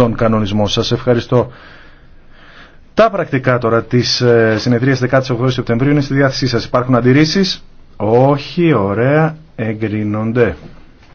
στον κανονισμό. Σας ευχαριστώ. Τα πρακτικά τώρα της ε, συνεδρίας 18 Σεπτεμβρίου είναι στη διάθεσή σας. Υπάρχουν αντιρρήσεις. Όχι, ωραία, εγκρίνονται.